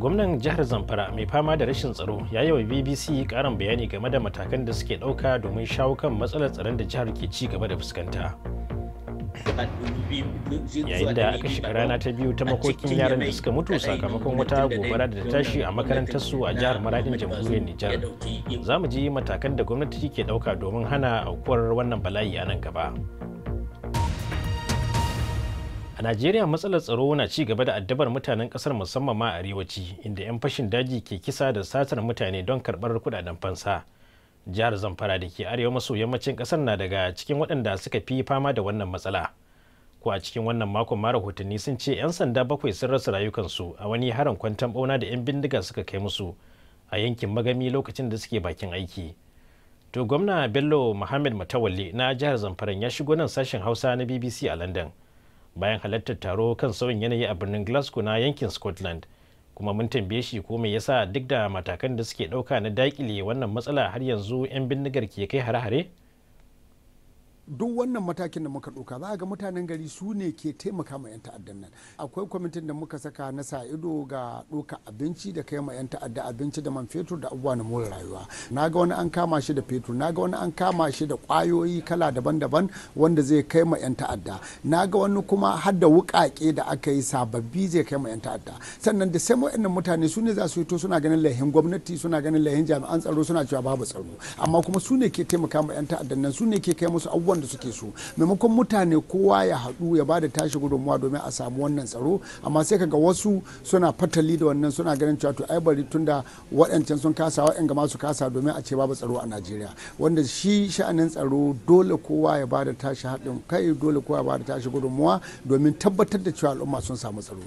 gwamnan jihar zamfara mai fama da rashin tsaro ya yi wa bbc karin bayani game da matakan da suke ɗauka domin shawo kan matsalar tsaron da jihar ke ci gaba da fuskanta yayin da aka shiga rana ta biyu ta makokin yaran da suka mutu sakamakon wata gobara da ta tashi a makarantar su a jihar maradin jamhuriyar nijar za mu ji matakan da gwamnati ke ɗauka domin hana aukuwar wannan bala'i a nan gaba a najeriya matsalar tsaro na ci gaba da addabar mutanen kasar musamman ma arewaci inda 'yan fashin daji ke kisa da satar mutane don karbar kudaden fansa jihar zamfara da ke arewa maso yammacin kasar na daga cikin waɗanda suka fi fama da wannan matsala ko a cikin wannan makon ma rahotanni sun ce 'yan sanda bakwai sun rasa rayukansu a wani harin kwantan bauna da 'yan bindiga suka kai musu a yankin magami lokacin da suke bakin aiki to gwamna bello muhammad matawalle na jihar zamfara ya shigo nan sashen hausa na bbc a london bayan halartar taro kan sauyin yanayi a birnin glasgow na yankin scotland kuma mun tambaye shi ko me yasa duk da matakan da suke ɗauka na daƙile wannan matsala har yanzu 'yan bindigar ke kai hare-hare duk wannan matakin da muka doka za a ga mutanen gari su ne ke taimaka ma 'yan ta'addan nan akwai kwamitin da muka saka na sa ido ga ɗauka abinci da kai ma 'yan ta'adda abinci da man fetur da abubuwa na more rayuwa na ga wani an kama shi da fetur na ga wani an kama shi da kwayoyi kala daban-daban wanda zai kai ma 'yan ta'adda na ga wani kuma har da wuƙaƙe da aka yi sababbi zai kai ma 'yan ta'adda sannan da sai wa'annan mutane su ne za su to suna ganin lahin gwamnati suna ganin lahin jami'an tsaro suna cewa babu tsaro amma kuma su ne ke taimaka ma 'yan ta'addan nan su ne ke kai musu abubuwan abubuwan da suke so maimakon mutane kowa ya haɗu ya ba da tashi gudunmuwa domin a samu wannan tsaro amma sai kaga wasu suna fatali da wannan suna ganin cewa to ai bari tunda waɗancan sun kasa waɗanga ga masu kasa domin a ce babu tsaro a Najeriya wanda shi sha'anin tsaro dole kowa ya ba da tashi haɗin kai dole kowa ya ba da tashi gudunmuwa domin tabbatar da cewa al'umma sun samu tsaro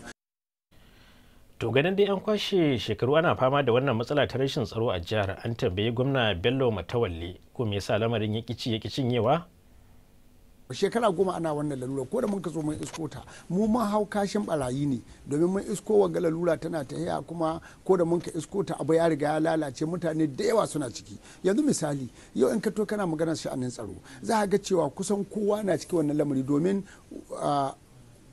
to ganin dai an kwashe shekaru ana fama da wannan matsala ta rashin tsaro a jihar an tambayi gwamna bello matawalle ko me yasa lamarin ya kici ya kicin cinyewa shekara goma ana wannan lalura ko da mun ka zo mun isko ta mu mun hau kashin barayi ne domin mun isko wa lalura tana ta haya kuma ko da mun ka isko ta abu ya riga ya lalace mutane da yawa suna ciki yanzu misali yau in ka to kana magana sha'anin tsaro za ka ga cewa kusan kowa na ciki wannan lamari domin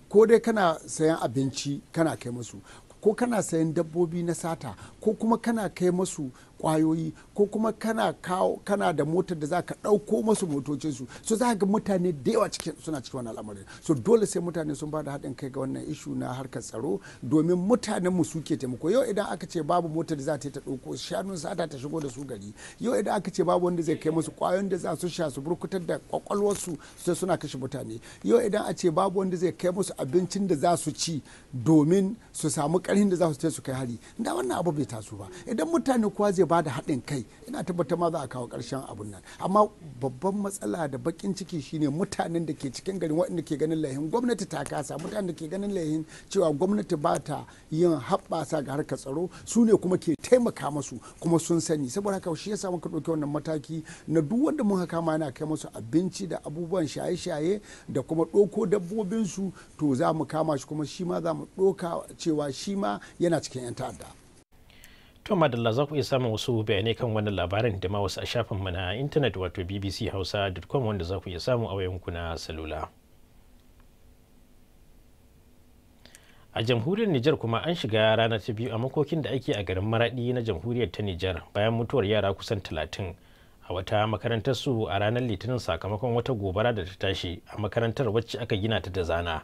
ko dai kana sayan abinci kana kai musu ko kana sayan dabbobi na sata ko kuma kana kai musu kwayoyi ko kuma kana kawo kana da motar da za ka ɗauko masu motocin su so za ga mutane da yawa cikin suna cikin wannan al'amarin so dole sai mutane sun bada haɗin kai ga wannan ishu na harkar tsaro domin mutanen mu suke taimako yau idan aka ce babu motar da za ta yi ta ɗauko shanun sata ta shigo da su gari yau idan aka ce babu wanda zai kai musu kwayoyin da za su sha su burkutar da su sai suna kashe mutane yau idan a ce babu wanda zai kai musu abincin da za su ci domin su samu ƙarfin da za su su kai hari da wannan abu bai taso ba idan mutane kuwa zai ba da haɗin kai ina tabbatar ma za a kawo ƙarshen abun nan amma babban matsala da bakin ciki shine mutanen da ke cikin garin waɗanda ke ganin lahin gwamnati ta kasa mutanen da ke ganin lahin cewa gwamnati ba ta yin haɓɓasa ga harkar tsaro su ne kuma ke taimaka masu kuma sun sani saboda haka shi yasa muka ɗauki wannan mataki na duk wanda mun haka ma yana kai masu abinci da abubuwan shaye-shaye da kuma ɗauko dabbobinsu to za mu kama shi kuma shi ma za mu ɗoka cewa shi ma yana cikin 'yan ta'adda To madalla za ku iya samun wasu bayanai kan wannan labarin da ma wasu a shafinmu na intanet wato bbc hausa bbchausa.com wanda za ku iya samu a wayanku na salula. a jamhuriyar Nijar kuma an shiga rana ta biyu a makokin da ake a garin Maradi na jamhuriyar ta Nijar bayan mutuwar yara kusan talatin a wata makarantar su a ranar Litinin sakamakon wata gobara da ta tashi a makarantar wacce aka gina ta da zana.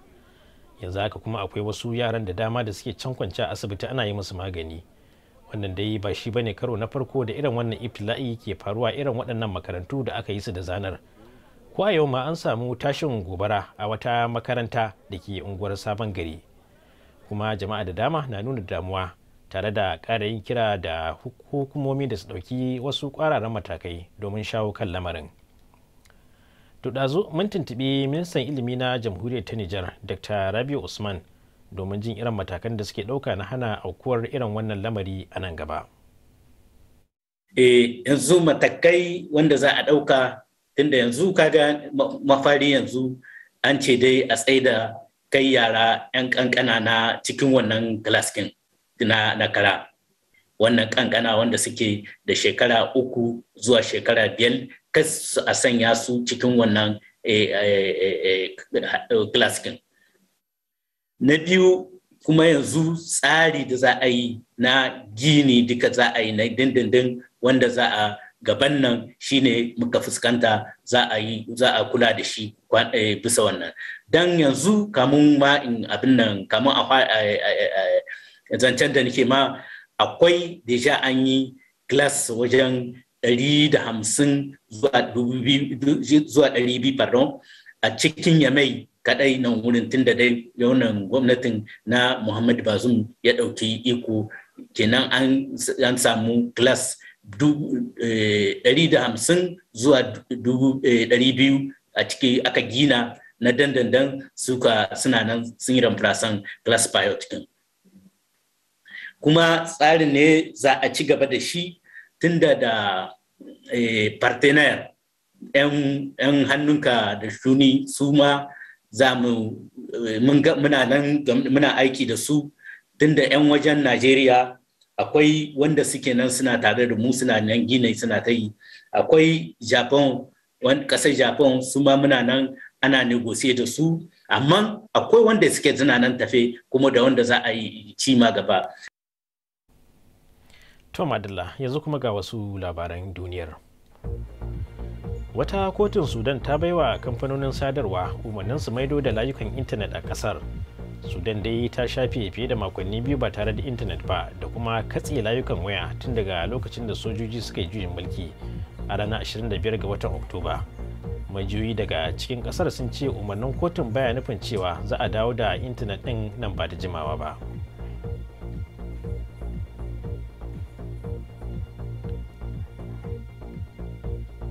Yanzu haka kuma akwai wasu yaran da dama da suke can kwance a asibiti ana yi musu magani. da dai ba shi bane karo na farko da irin wannan iftila'i ke faruwa irin waɗannan makarantu da aka yi su da zanar ko a yau ma an samu tashin gobara a wata makaranta da ke unguwar sabon gari kuma jama'a da dama na nuna damuwa tare da ƙara yin kira da hukumomi da su ɗauki wasu ƙwararren matakai domin shawo kan lamarin to ɗazu mun tuntuɓi ministan ilimi na jamhuriyar ta nijar dr rabiu usman domin jin irin matakan da suke ɗauka na hana aukuwar irin wannan lamari a nan gaba. Eh, yanzu matakai wanda za a ɗauka tunda yanzu kaga mafari yanzu an ce dai a da kai yara 'yan kankana na cikin wannan glaskin na, na wannan kankana wanda suke da shekara uku zuwa shekara biyar kas a sanya su cikin wannan eh, eh, eh, glaskin na biyu kuma yanzu tsari da za a yi na gini duka za a yi na dindindin wanda za a gaban nan shi ne muka fuskanta za a yi za a kula da shi eh, bisa wannan don yanzu kamun ma in abin nan kamun a eh, eh, zancen da nake ma akwai deja an yi glass wajen 150 zuwa 200 pardon a cikin yamai kadai nan wurin tun da dai wannan gwamnatin na Muhammadu Bazum ya dauki iko kenan an samu class 150 eh, zuwa 200 eh, a ciki aka gina na dandandan suka suna nan sun yi ramfarasan class pilot din kuma tsarin ne za a ci gaba da shi tun da eh, partenaire 'yan hannunka da shuni su ma za mu eh, muna nan muna aiki da su tun da 'yan wajen Najeriya akwai wanda suke nan suna tare da mu suna nan gine suna ta yi akwai Japan kasar Japan su ma muna nan ana negosiye da su amma akwai wanda suke suna nan tafe kuma da wanda za a yi cima gaba. to Madalla yanzu kuma ga wasu labaran duniyar. wata kotun sudan ta baiwa kamfanonin sadarwa umarnin su maido da layukan intanet a kasar sudan dai ta shafe fiye da makonni biyu ba tare da intanet ba da kuma katse layukan waya tun daga lokacin da sojoji suka yi juyin mulki a ranar 25 ga watan oktoba majiyoyi daga cikin kasar sun ce umarnin kotun baya nufin cewa za a dawo da intanet din nan ba da jimawa ba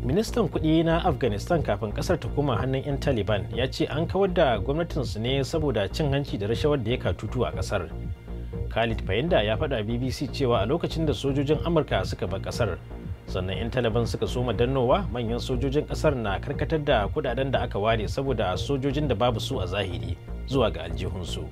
ministan kudi na afghanistan kafin kasar ta koma hannun 'yan taliban ya ce an kawar da gwamnatinsu ne saboda cin hanci da rashawar da ya ka tutu a kasar khalid fahimda ya fada bbc cewa a lokacin da sojojin amurka suka ba kasar sannan 'yan taliban suka soma dannowa manyan sojojin kasar na karkatar da kudaden da aka ware saboda sojojin da babu su a zahiri zuwa ga aljihunsu.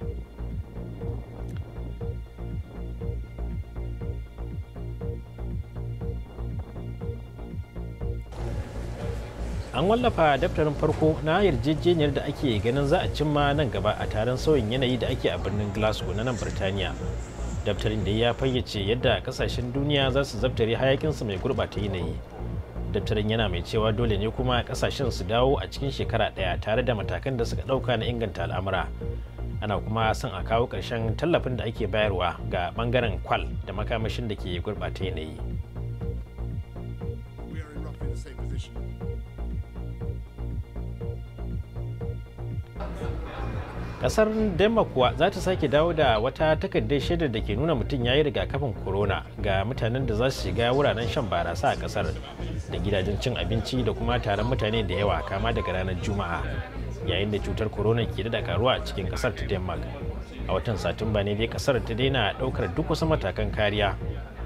an wallafa daftarin farko na yarjejeniyar da ake ganin za a cimma nan gaba a taron sauyin yanayi da ake a birnin glasgow na nan birtaniya daftarin da ya fayyace yadda kasashen duniya za su zaftare hayakinsu mai gurbata yanayi daftarin yana mai cewa dole ne kuma kasashen su dawo a cikin shekara ɗaya tare da matakan da suka ɗauka na inganta al'amura ana kuma son a kawo ƙarshen tallafin da ake bayarwa ga ɓangaren kwal da makamashin da ke gurbata yanayi kasar denmark kuwa za ta sake dawo da wata takardar shaidar da ke nuna mutum ya yi rigakafin corona ga mutanen da za su shiga wuraren shan barasa a kasar da gidajen cin abinci da kuma taron mutane da yawa kama daga ranar juma'a yayin da cutar corona ke da karuwa a cikin kasar ta denmark a watan satumba ne dai kasar ta daina daukar duk wasu matakan kariya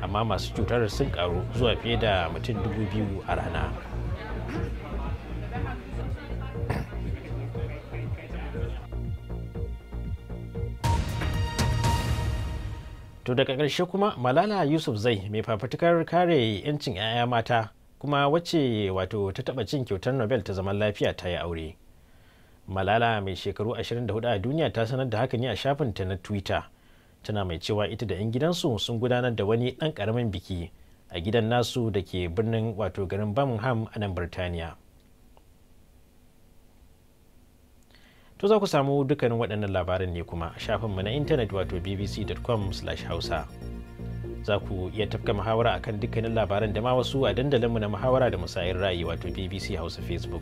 amma masu cutar sun karu zuwa fiye da mutum dubu biyu a rana to daga ƙarshe kuma malala yusuf zai mai fafutukar kare 'yancin 'ya'ya mata kuma wacce wato ta taba cin kyautar nobel ta zaman lafiya ta yi aure malala mai shekaru 24 a duniya ta sanar da haka ne a shafin ta na twitter tana mai cewa ita da 'yan gidansu sun gudanar da wani dan karamin biki a gidan nasu da ke birnin wato garin birmingham a nan birtaniya to za ku samu dukkanin waɗannan labaran ne kuma a shafinmu na intanet wato bbc.com hausa za ku iya tafka muhawara akan dukkanin labaran da ma wasu a dandalinmu na muhawara da musayar ra'ayi wato bbc hausa facebook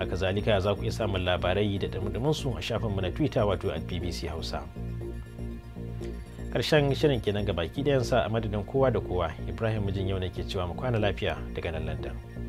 a zalika za ku iya samun labarai da su a shafinmu na twitter wato at bbc hausa karshen shirin kenan ga baki sa a madadin kowa da kowa ibrahim mijin yau ne ke cewa mu kwana lafiya daga nan london